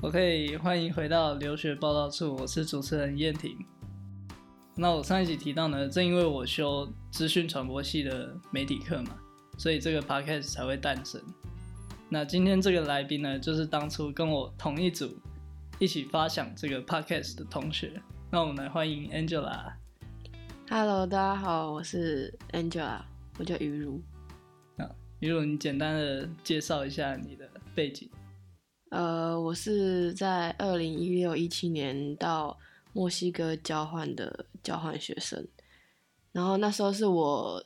我可以歡迎回到留學報道處，我是主持人燕婷。那我上一集提到呢，正因為我修資訊傳播系的媒體課嘛，所以這個 podcast 才會誕生。那今天這個來賓呢，就是當初跟我同一組一起發想這個 podcast 的同學。那我們來歡迎 Angela。Hello，大家好，我是 Angela，我叫於茹。啊，於茹，你簡單的介紹一下你的背景。呃，我是在二零一六一七年到墨西哥交換的交換學生，然後那時候是我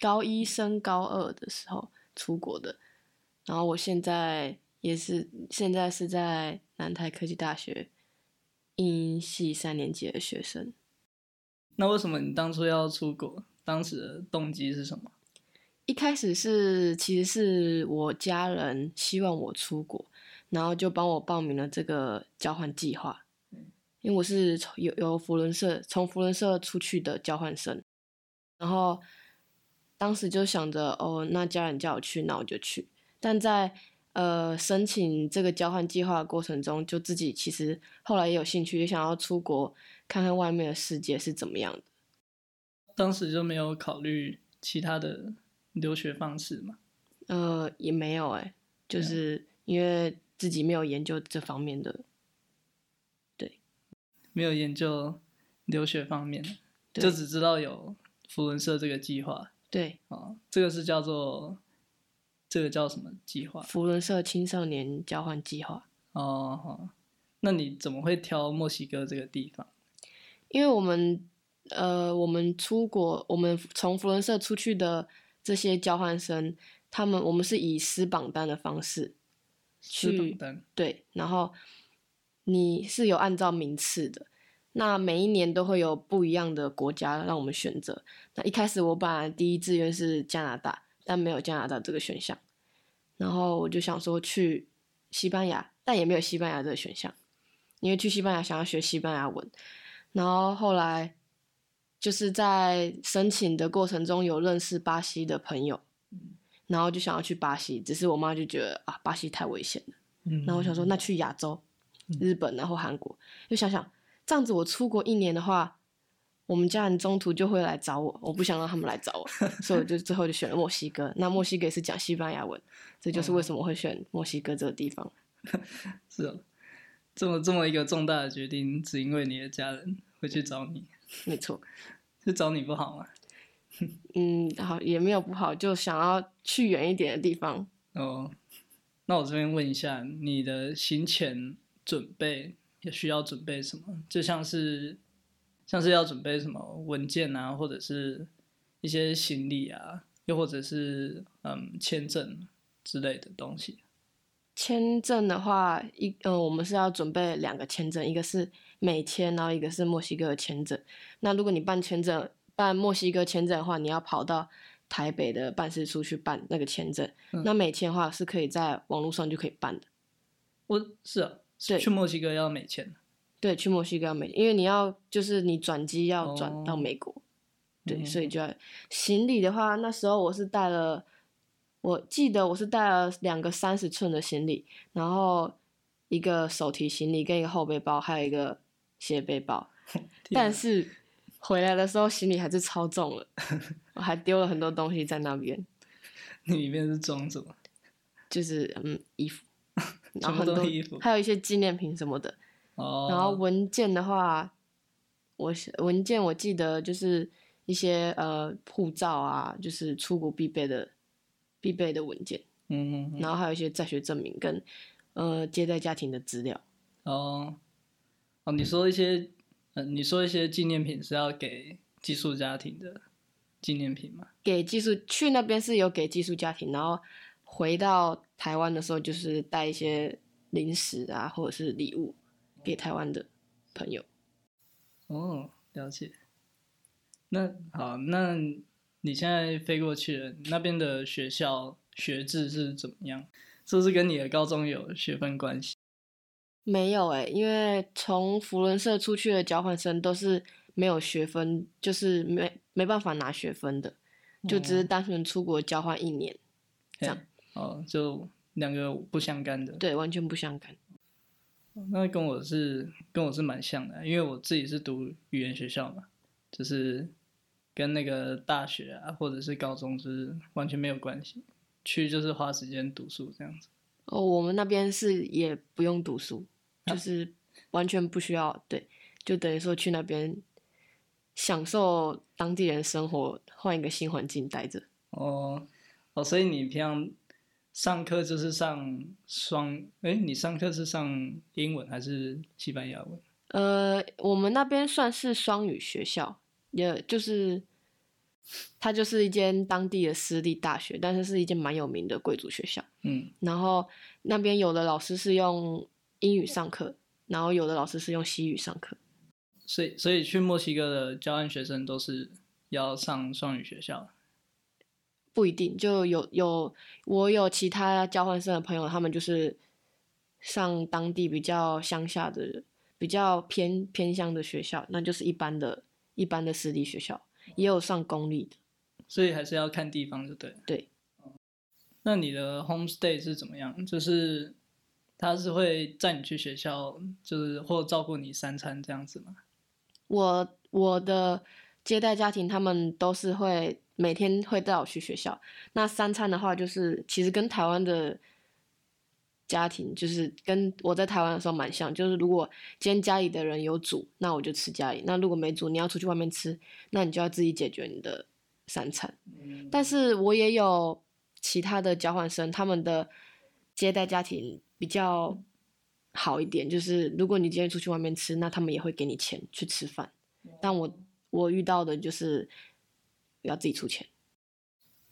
高一升高二的時候出國的，然後我現在也是現在是在南台科技大學英系三年級的學生。那為什麼你當初要出國？當時的動機是什麼？一開始是其實是我家人希望我出國。然後就幫我報名了這個交換計劃，因為我是從由由扶輪社從扶輪社出去的交換生，然後當時就想着，哦，那家人叫我去，那我就去。但在呃申請這個交換計劃過程中，就自己其實後來也有興趣，也想要出國看看外面的世界是怎麼樣的。當時就沒有考慮其他的留學方式嘛。呃，也沒有誒、欸、就是因為。自己沒有研究這方面的，對，沒有研究留學方面，對就只知道有扶輪社這個計劃，對，哦，這個是叫做，這個叫什麼計劃？扶輪社青少年交換計劃。哦，好，那你怎麼會挑墨西哥這個地方？因為我們，呃，我們出國，我們從扶輪社出去的這些交換生，他們，我們是以私榜單的方式。去對，然後你是有按照名次的，那每一年都會有不一樣的國家讓我們選擇。那一開始我本來第一志願是加拿大，但沒有加拿大這個選項，然後我就想說去西班牙，但也沒有西班牙這個選項，因為去西班牙想要學西班牙文。然後後來就是在申請的過程中有認識巴西的朋友。然後就想要去巴西，只是我媽就覺得啊，巴西太危險了。嗯、然後我想說，那去亞洲，日本、嗯、然後韓國，就想想這樣子，我出國一年的話，我們家人中途就會來找我，我不想讓他們來找我， 所以我就最後就選了墨西哥。那墨西哥也是講西班牙文，這就是為什麼會選墨西哥這個地方。嗯、 是、哦，這麼這麼一個重大的決定，只因為你的家人會去找你。沒錯，就找你不好嗎？ 嗯，好，也沒有不好，就想要去遠一點的地方。哦，那我這邊問一下，你的行前準備也需要準備什麼？就像是，像是要準備什麼文件啊，或者是一些行李啊，又或者是嗯簽證之類的東西。簽證的話，一嗯，我們是要準備兩個簽證，一個是美簽，然後一個是墨西哥的簽證。那如果你辦簽證，辦墨西哥簽證的話，你要跑到台北的辦事處去辦那個簽證。嗯、那美簽的話是可以在網絡上就可以辦的。我是啊，對，去墨西哥要美簽。對，去墨西哥要美，因為你要就是你轉機要轉到美國。哦、對，所以就要、嗯、行李的話，那時候我是帶了，我記得我是帶了兩個三十吋的行李，然後一個手提行李跟一個後背包，還有一個斜背包，呵但是。回來的時候，行李還是超重了，我還丟了很多東西在那邊。那 裡面是裝什麼？就是嗯，衣服，然後很多衣服，還有一些紀念品什麼的。哦。然後文件的話，我文件我記得就是一些呃護照啊，就是出國必備的必備的文件。嗯嗯嗯。然後還有一些在學證明跟呃接待家庭的資料。哦。哦，你說一些、嗯。嗯，你說一些紀念品是要給寄宿家庭的紀念品嗎？給寄宿去那邊是有給寄宿家庭，然後回到台灣的時候就是帶一些零食啊，或者是禮物給台灣的朋友。哦，了解。那好，那你現在飛過去那邊的學校學制是怎麼樣？是不是跟你的高中有學分關係？沒有哎、欸，因為從扶輪社出去的交換生都是沒有學分，就是沒沒辦法拿學分的，就只是單純出國交換一年，嗯、這樣哦，就兩個不相干的，對，完全不相干。那跟我是跟我是蠻像的，因為我自己是讀語言學校嘛，就是跟那個大學啊或者是高中就是完全沒有關係，去就是花時間讀書這樣子。哦，我們那邊是也不用讀書。就是完全不需要，啊？對，就等於說去那邊享受當地人生活，換一個新環境待着。哦哦，所以你平常上課就是上雙？哎，你上課是上英文還是西班牙文？呃，我們那邊算是雙語學校，也就是它就是一間當地的私立大學，但是是一間蠻有名的貴族學校。嗯，然後那邊有的老師是用。英語上課，然後有的老師是用西語上課，所以，所以去墨西哥的交換學生都是要上雙語學校，不一定。就有，有我有其他交換生的朋友，他們就是上當地比較鄉下的人，比較偏，偏鄉的學校，那就是一般的一般的私立學校，也有上公立的，所以還是要看地方，就對對。那你的 home stay 是怎麼樣？就是。他是會載你去學校，就是或照顧你三餐這樣子嗎？我我的接待家庭他們都是會每天會帶我去學校。那三餐的話，就是其實跟台灣的家庭，就是跟我在台灣的時候蠻像。就是如果今天家裡的人有煮，那我就吃家裡；那如果沒煮，你要出去外面吃，那你就要自己解決你的三餐。嗯。但是我也有其他的交換生，他們的接待家庭。比較好一點，就是如果你今天出去外面吃，那他們也會給你錢去吃飯。但我我遇到的就是要自己出錢。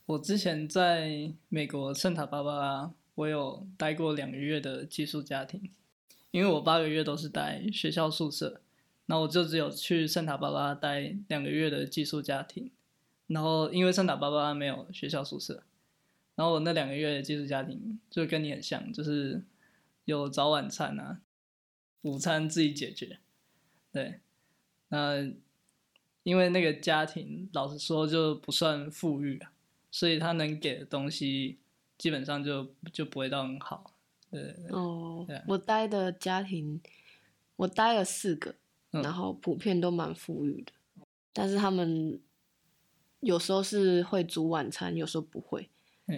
我之前在美國聖塔芭芭拉，我有待過兩個月的寄宿家庭，因為我八個月都是待學校宿舍，那我就只有去聖塔芭芭拉待兩個月的寄宿家庭。然後因為聖塔芭芭拉沒有學校宿舍，然後我那兩個月的寄宿家庭就跟你很像，就是。有早晚餐啊，午餐自己解決，對，那因為那個家庭老實說就不算富裕，啊，所以他能給的東西基本上就就不會到很好，對。哦，我待的家庭，我待了四個，然後普遍都蠻富裕的，嗯、但是他們有時候是會煮晚餐，有時候不會。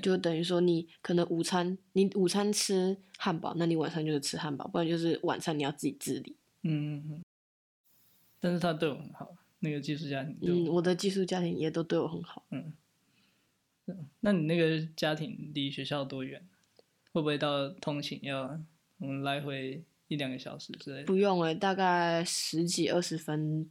就等於說，你可能午餐你午餐吃漢堡，那你晚上就是吃漢堡，不然就是晚餐你要自己自理。嗯嗯嗯。但是他對我很好，那個寄宿家庭。嗯，我的寄宿家庭也都對我很好。嗯。那你那個家庭離學校多遠？會不會到通勤要，來回一兩個小時之類？不用了，欸，大概十幾二十分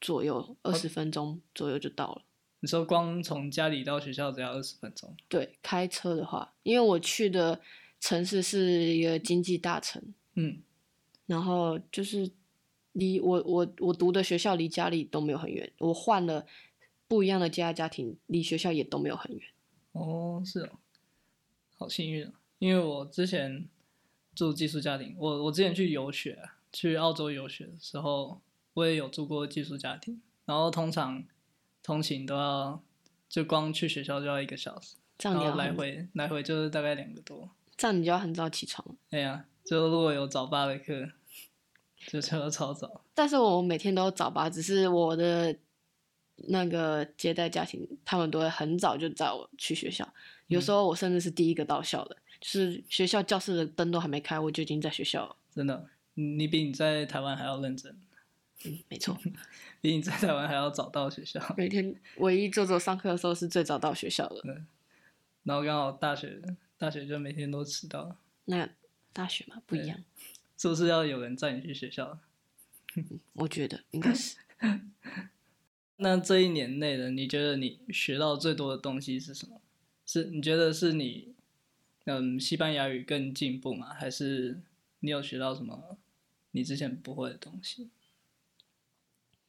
左右，二十好分鐘左右就到了。你說光從家裡到學校只要二十分鐘？對，開車的話，因為我去的城市是一個經濟大城，嗯，然後就是離我我我讀的學校離家裡都沒有很遠。我換了不一樣的家的家庭，離學校也都沒有很遠。哦，是哦，好幸運。因為我之前住寄宿家庭，我我之前去遊學，哦，去澳洲遊學的時候，我也有住過寄宿家庭，然後通常。通勤都要，就光去學校就要一個小時，這樣你然後來回來回就是大概兩個多。這樣你就要很早起床。對呀、啊，就如果有早八的課，就起來超早。但是我每天都早八，只是我的那個接待家庭，他們都會很早就帶我去學校。有時候我甚至是第一個到校的，嗯、就是學校教室的燈都還沒開，我就已經在學校了。真的，你比你在台灣還要認真。嗯，沒錯。 比你在台灣還要早到學校。每天唯一做做上課的時候是最早到學校的。嗯。然後剛好大學，大學就每天都遲到。那大學嘛，不一樣。是不是要有人載你去學校？嗯、我覺得應該是。 那這一年內呢？你覺得你學到最多的東西是什麼？是？你覺得是你，嗯，西班牙語更進步嗎？還是你有學到什麼你之前不會的東西？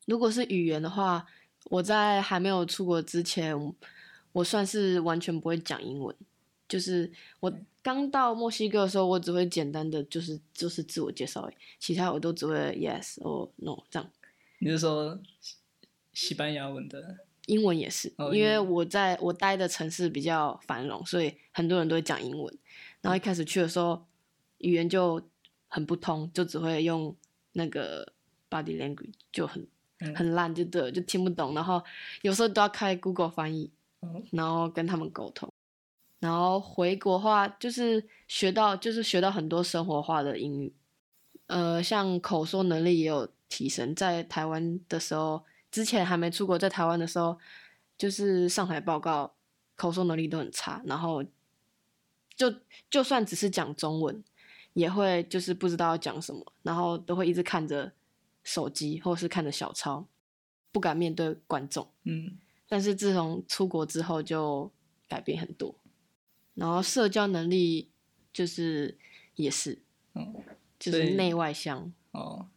如果是語言的話，我在還沒有出國之前，我算是完全不會講英文。就是我剛到墨西哥的時候，我只會簡單的就是就是自我介紹而已，其他我都只會 yes or no 這樣。你是說西班牙文的？英文也是，oh, 因為我在我待的城市比較繁榮，所以很多人都會講英文。然後一開始去的時候，語言就很不通，就只會用那個 body language 就很。很爛，就對了，就聽不懂，然後有時候都要開 Google 翻譯，然後跟他們溝通。然後回國話，就是學到就是學到很多生活化的英語，呃，像口說能力也有提升。在台灣的時候，之前還沒出國，在台灣的時候，就是上台報告，口說能力都很差，然後就就算只是講中文，也會就是不知道要講什麼，然後都會一直看着。手機或是看著小抄，不敢面對觀眾。嗯，但是自從出國之後就改變很多，然後社交能力就是也是，嗯、哦，就是內外向。哦，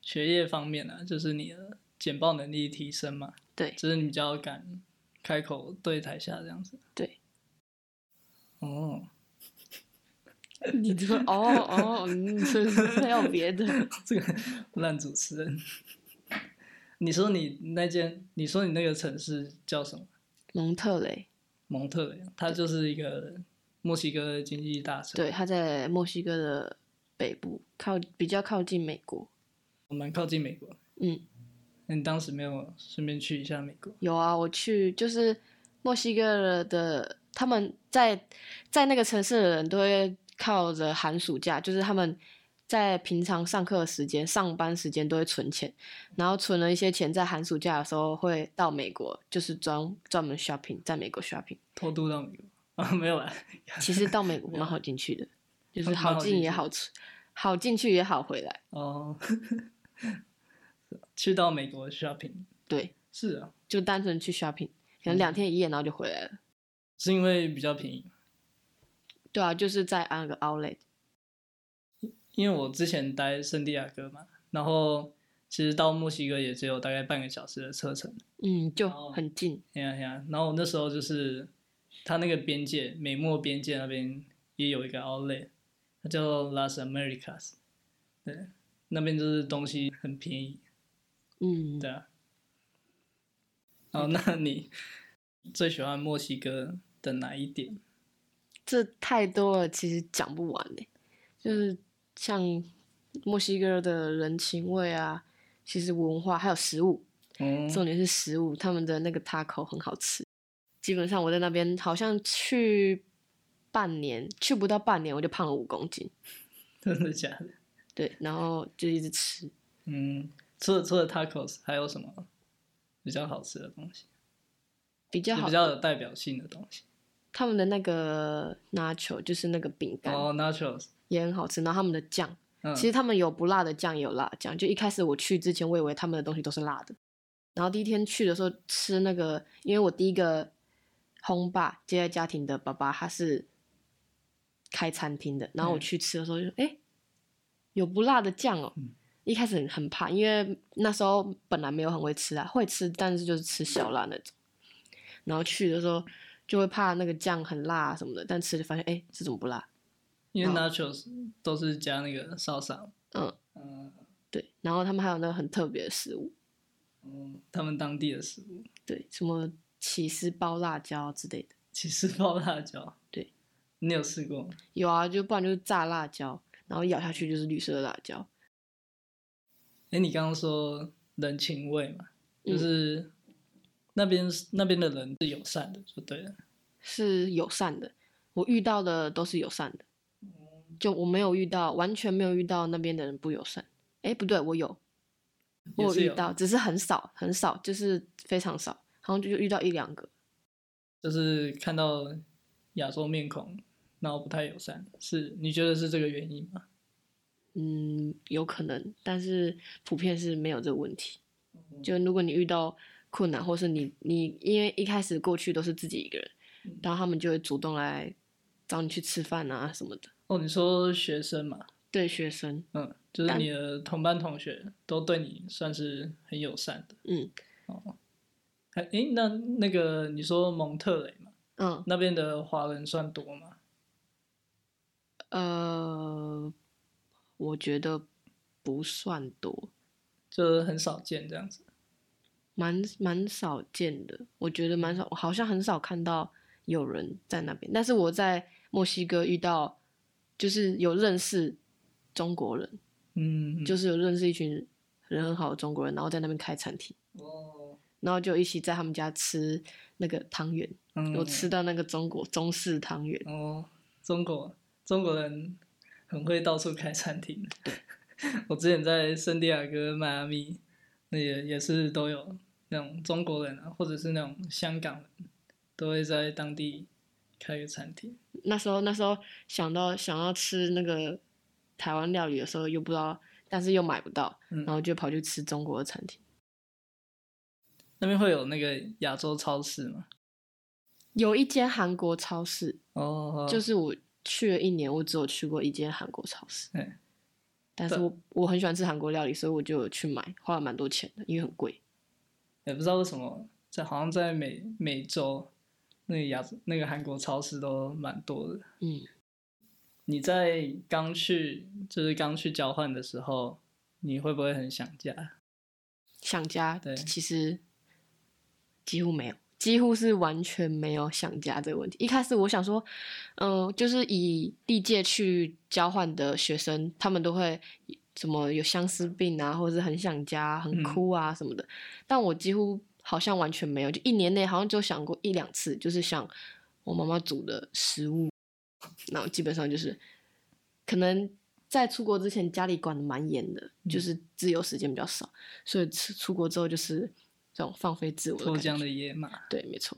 學業方面呢、啊，就是你的簡報能力提升嘛？對，就是你比較敢開口對台下這樣子。對。哦。你、哦哦，是是這個哦哦，所以說沒有別的。這個爛主持人。你說你那間，你說你那個城市叫什麼？蒙特雷。蒙特雷，他就是一個墨西哥的經濟大城。對，他在墨西哥的北部，靠比較靠近美國。我蠻靠近美國。嗯。那你當時沒有順便去一下美國？有啊，我去就是墨西哥的，他們在在那個城市的人都會。靠着寒暑假，就是他們在平常上課時間、上班時間都會存錢，然後存了一些錢，在寒暑假的時候會到美國，就是專專門 shopping，在美國 shopping。偷渡到美國啊？沒有啦。其實到美國蠻好進去的，有就是好進也好出，好進去也好回來。哦，uh, 去到美國 shopping，對，是啊，就單純去 shopping，可能兩天一夜，然後就回來了。是因為比較便宜。對啊，就是在那個 outlet 因為我之前待聖地亞哥嘛，然後其實到墨西哥也只有大概半個小時的車程，嗯，就很近。然後那時候就是，他那個邊界美墨邊界那邊也有一個 outlet，它叫做 Las Americas，對，那邊就是東西很便宜，嗯，對啊。哦、嗯，然後那你最喜歡墨西哥的哪一點？這太多了，其實講不完，就是像墨西哥的人情味啊，其實文化還有食物，嗯、重點是食物，他們的那個 taco 很好吃。基本上我在那邊好像去半年，去不到半年我就胖了五公斤，真的假的？對，然後就一直吃。嗯，除了除了 tacos 還有什麼比較好吃的東西？比較好比較有代表性的東西。他們的那個 nacho 就是那個餅乾，哦、oh,，nachos 也很好吃。然後他們的醬，嗯、其實他們有不辣的醬，也有辣醬。就一開始我去之前，我以為他們的東西都是辣的。然後第一天去的時候吃那個，因為我第一個轟爸接待家庭的爸爸他是開餐廳的。然後我去吃的時候就說哎、嗯，欸，有不辣的醬哦、喔！”嗯、一開始很怕，因為那時候本來沒有很會吃啊，會吃，但是就是吃小辣那種。然後去的時候。就會怕那個醬很辣什麼的，但吃就發現，哎、欸，這怎麼不辣？因為 Nachos，哦、都是加那個 Salsa。嗯嗯，嗯對，然後他們還有那個很特別的食物，嗯、他們當地的食物。對，什麼起司包辣椒之類的。起司包辣椒？對。你有試過嗎？有啊，就不然就是炸辣椒，然後咬下去就是綠色的辣椒。哎、欸，你剛剛說人情味嘛，就是。嗯那邊那邊的人是友善的，是不對的。是友善的，我遇到的都是友善的。就我沒有遇到，完全沒有遇到那邊的人不友善。哎、欸，不對，我有，有我有遇到，只是很少很少，就是非常少，好像就遇到一兩個。就是看到亞洲面孔，然後不太友善，是你覺得是這個原因嗎？嗯，有可能，但是普遍是沒有這個問題。就如果你遇到。困難，或是你你因為一開始過去都是自己一個人，嗯、然後他們就會主動來找你去吃飯啊什麼的。哦，你說學生嘛？對，學生，嗯，就是你的同班同學都對你算是很友善的。嗯，哦，哎，那那個你說蒙特雷嘛？嗯，那邊的華人算多嗎？呃，我覺得不算多，就是很少見這樣子。蠻蠻少見的，我覺得蠻少，我好像很少看到有人在那邊。但是我在墨西哥遇到，就是有認識中國人，嗯，嗯，就是有認識一群人很好的中國人，然後在那邊開餐廳，哦，然後就一起在他們家吃那個湯圓，嗯，有吃到那個中國中式湯圓，哦，中國中國人很會到處開餐廳。對 我之前在聖地亞哥、邁阿那也也是都有那種中國人啊，或者是那種香港人，都會在當地開一個餐廳。那時候那時候想到想要吃那個台灣料理的時候，又不知道，但是又買不到，然後就跑去吃中國的餐廳。嗯，那邊會有那個亞洲超市嗎？有一間韓國超市哦，oh, oh, oh. 就是我去了一年，我只有去過一間韓國超市。欸但是我，對我很喜歡吃韓國料理，所以我就去買，花了蠻多錢的，因為很貴。也不知道為什麼，在好像在美美洲，那個亞那個韓國超市都蠻多的。嗯，你在剛去，就是剛去交換的時候，你會不會很想家？想家？對，其實幾乎沒有。幾乎是完全沒有想家這個問題。一開始我想說，嗯、呃，就是以歷屆去交換的學生，他們都會什麼有相思病啊，或者是很想家、啊、很哭啊什麼的。嗯、但我幾乎好像完全沒有，就一年內好像就想過一兩次，就是想我媽媽煮的食物。然後基本上就是，可能在出國之前家裡管得蠻嚴的，嗯、就是自由時間比較少，所以出出國之後就是。這種放飛自我、脫韁的野馬，對，沒錯。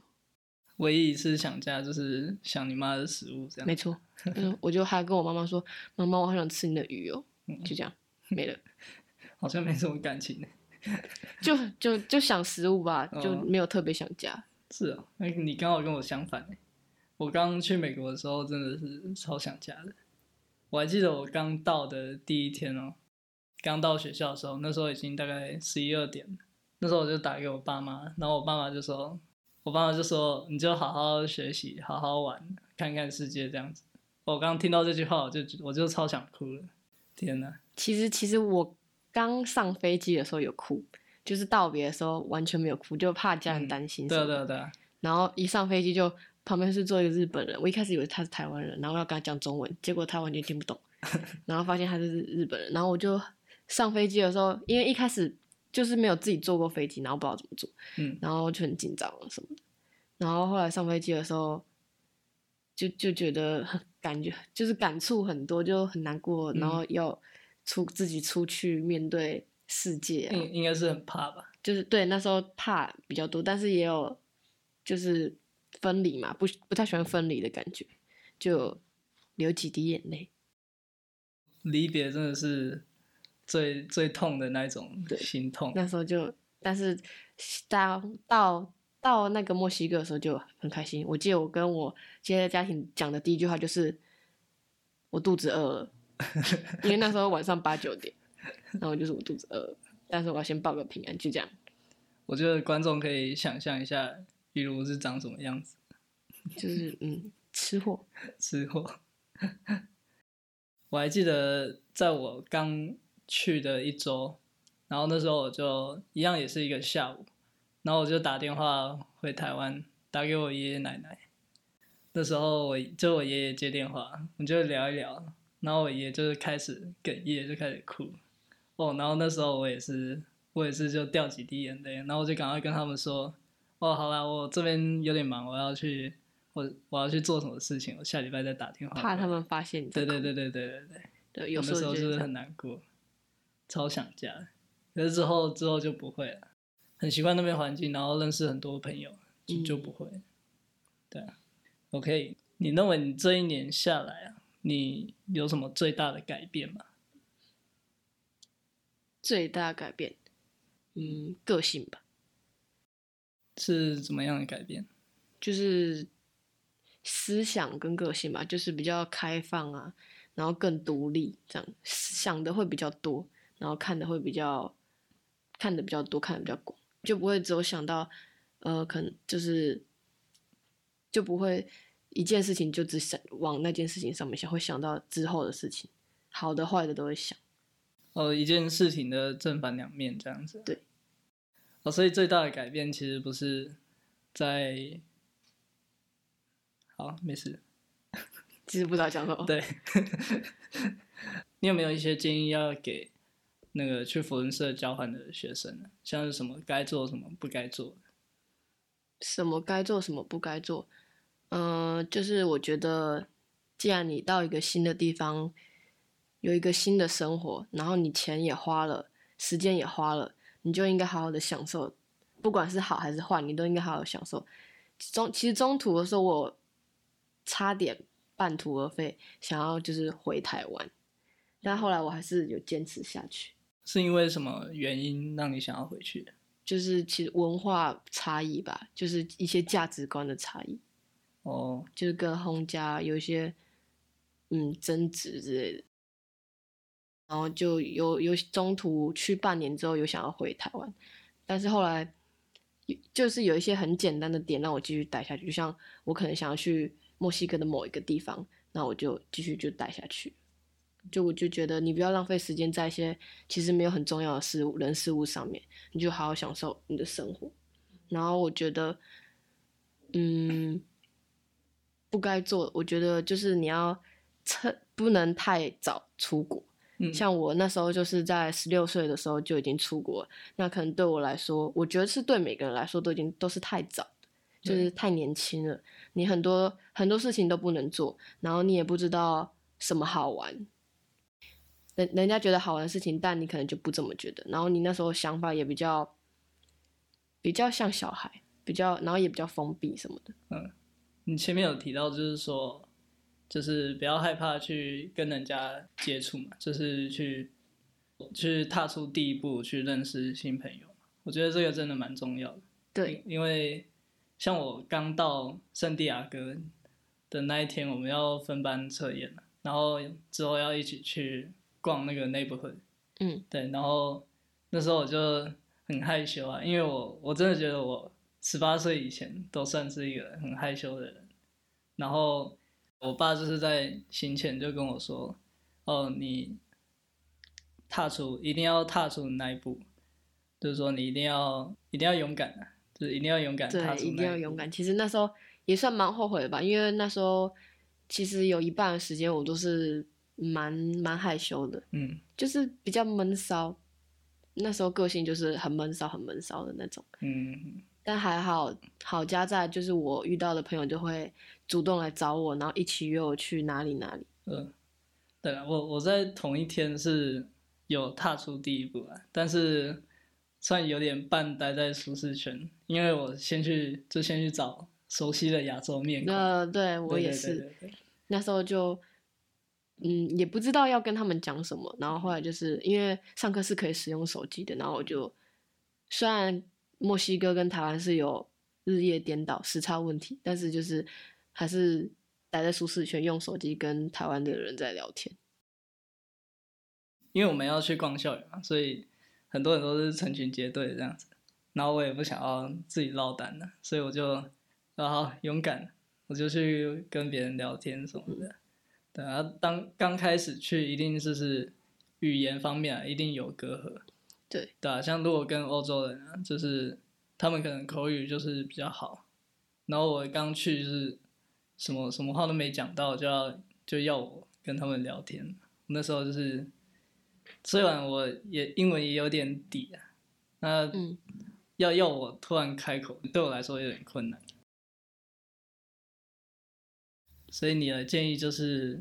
唯一一次想家，就是想你媽的食物這樣。沒錯、嗯，我就還跟我媽媽說：“媽媽， 我好想吃你的魚哦、喔。”就這樣，沒了。好像沒什麼感情 就，就就就想食物吧，就沒有特別想家、哦。是啊、喔欸，你剛好跟我相反，我剛去美國的時候，真的是超想家的。我還記得我剛到的第一天哦、喔，剛到學校的時候，那時候已經大概十一二點了。那時候我就打給我爸媽，然後我爸媽就說，我爸媽就說你就好好學習，好好玩，看看世界這樣子。我剛聽到這句話，我就我就超想哭了，天哪、啊！其實其實我剛上飛機的時候有哭，就是道別的時候完全沒有哭，就怕家人擔心、嗯。對對對、啊。然後一上飛機就旁邊是坐一個日本人，我一開始以為他是台灣人，然後我要跟他講中文，結果他完全聽不懂，然後發現他就是日本人， 然後我就上飛機的時候，因為一開始。就是沒有自己坐過飛機，然後不知道怎麼坐，然後就很緊張什麼的。嗯、然後後來上飛機的時候，就就覺得很感覺就是感觸很多，就很難過。嗯、然後要出自己出去面對世界、啊，應應該是很怕吧？就是對那時候怕比較多，但是也有就是分離嘛，不不太喜歡分離的感覺，就流幾滴眼淚。離別真的是。最最痛的那種心痛，那時候就，但是到到到那個墨西哥的時候就很開心。我記得我跟我現在家庭講的第一句話就是，我肚子餓了， 因為那時候晚上八九點，然後就是我肚子餓了， 但是我要先報個平安，就這樣。我覺得觀眾可以想象一下，雨茹是長什麼樣子，就是嗯，吃貨，吃貨。我還記得在我剛。去的一週，然後那時候我就一樣也是一個下午，然後我就打電話回台灣，打給我爺爺奶奶。那時候我就我爺爺接電話，我就聊一聊，然後我爺爺就是開始哽咽，就開始哭。哦，然後那時候我也是，我也是就掉幾滴眼淚，然後我就趕快跟他們說，哦，好啦，我這邊有點忙，我要去，我我要去做什麼事情，我下禮拜再打電話。怕他們發現你？你對對對對對對對，對，有的時時候就是很難過。超想家，可是之後之後就不會了，很習慣那邊環境，然後認識很多朋友，就就不會了。嗯、對啊，OK，你認為你這一年下來啊，你有什麼最大的改變嗎？最大改變，嗯，個性吧。是怎麼樣的改變？就是思想跟個性吧，就是比較開放啊，然後更獨立，這樣想的會比較多。然後看的會比較，看的比較多，看的比較廣，就不會只有想到，呃，可能就是，就不會一件事情就只想往那件事情上面想，會想到之後的事情，好的、壞的都會想。哦、呃，一件事情的正反兩面這樣子。對。哦，所以最大的改變其實不是在，好，沒事。其實不知道講什麼。對。 你有沒有一些建議要給？那個去扶輪社交換的學生，像是什麼該做什麼不該做，什麼該做什麼不該做，嗯，就是我覺得，既然你到一個新的地方，有一個新的生活，然後你錢也花了，時間也花了，你就應該好好的享受，不管是好還是壞，你都應該好好享受。中其實中途的時候，我差點半途而廢，想要就是回台灣，但後來我還是有堅持下去。是因為什麼原因讓你想要回去？就是其實文化差異吧，就是一些價值觀的差異。哦，oh. 就是跟 home 家有一些嗯爭執之類的，然後就有有中途去半年之後有想要回台灣，但是後來就是有一些很簡單的點讓我繼續待下去，就像我可能想要去墨西哥的某一個地方，那我就繼續就待下去。就我就覺得你不要浪費時間在一些其實沒有很重要的事物、人事物上面，你就好好享受你的生活。然後我覺得，嗯，不該做，我覺得就是你要趁，不能太早出國。嗯、像我那時候就是在十六歲的時候就已經出國，那可能對我來說，我覺得是對每個人來說都已經都是太早，就是太年輕了，嗯、你很多很多事情都不能做，然後你也不知道什麼好玩。人人家覺得好玩的事情，但你可能就不這麼覺得。然後你那時候想法也比較，比較像小孩，比較，然後也比較封閉什麼的。嗯，你前面有提到，就是說，就是不要害怕去跟人家接觸嘛，就是去，去踏出第一步，去認識新朋友嘛。我覺得這個真的蠻重要的。對，因為像我剛到聖地亞哥的那一天，我們要分班測驗，然後之後要一起去。逛那個 neighborhood，嗯，對，然後那時候我就很害羞啊，因為我我真的覺得我十八歲以前都算是一個很害羞的人，然後我爸就是在行前就跟我說，哦，你踏出一定要踏出那一步，就是說你一定要一定要勇敢啊，就是一定要勇敢踏出那一步，對，一定要勇敢。其實那時候也算蠻後悔的吧，因為那時候其實有一半的時間我都是。蠻蠻害羞的，嗯，就是比較悶騷，那時候個性就是很悶騷、很悶騷的那種，嗯，但還好好家在，就是我遇到的朋友就會主動來找我，然後一起約我去哪裡哪裡，嗯、呃，對啦，我我在同一天是有踏出第一步啊，但是算有點半待在舒適圈，因為我先去就先去找熟悉的亞洲面孔，呃，對，我也是，對對對對對，那時候就。嗯，也不知道要跟他們講什麼。然後後來就是因為上課是可以使用手機的，然後我就雖然墨西哥跟台灣是有日夜顛倒時差問題，但是就是還是待在舒適圈用手機跟台灣的人在聊天。因為我們要去逛校園嘛，所以很多人都是成群結隊這樣子。然後我也不想要自己落單了，所以我就然後勇敢，我就去跟別人聊天什麼的。嗯對啊，當剛開始去，一定就是語言方面啊，一定有隔閡。對，對啊，像如果跟歐洲人啊，就是他們可能口語就是比較好，然後我剛去就是什麼什麼話都沒講到，就要就要我跟他們聊天。那時候就是，雖然我也英文也有點底啊，那要、嗯、要我突然開口，對我來說有點困難。所以你的建議就是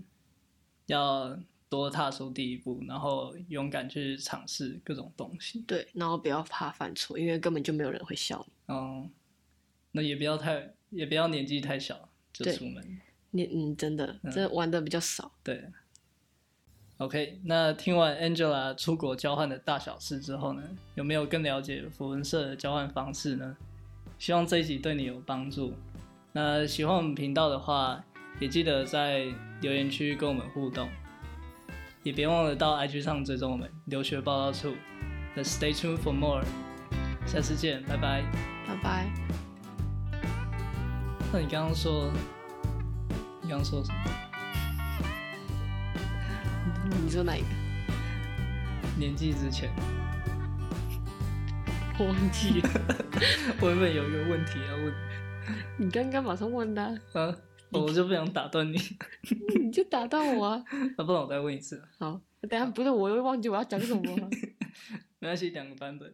要多踏出第一步，然後勇敢去嘗試各種東西。對，然後不要怕犯錯，因為根本就沒有人會笑你。哦、嗯，那也不要太，也不要年紀太小就出門。你，你真的，嗯、真的玩得比較少。對。OK，那聽完 Angela 出國交換的大小事之後呢，有沒有更了解扶輪社的交換方式呢？希望這一集對你有幫助。那喜歡我們頻道的話。也記得在留言區跟我們互動，也別忘了到 IG 上追蹤我們留學報道處那 Stay tuned for more，下次見，拜拜，拜拜 bye。那你剛剛說，你剛剛說什麼？你說哪一個？年紀之前。 我忘記了， 我有有一個問題要問。你剛剛馬上問的。啊。啊我就不想打斷你，你就打斷我啊！那、 啊、不然我再問一次。好，等下不是我又忘記我要講什麼了嗎？ 沒關係，兩個版本。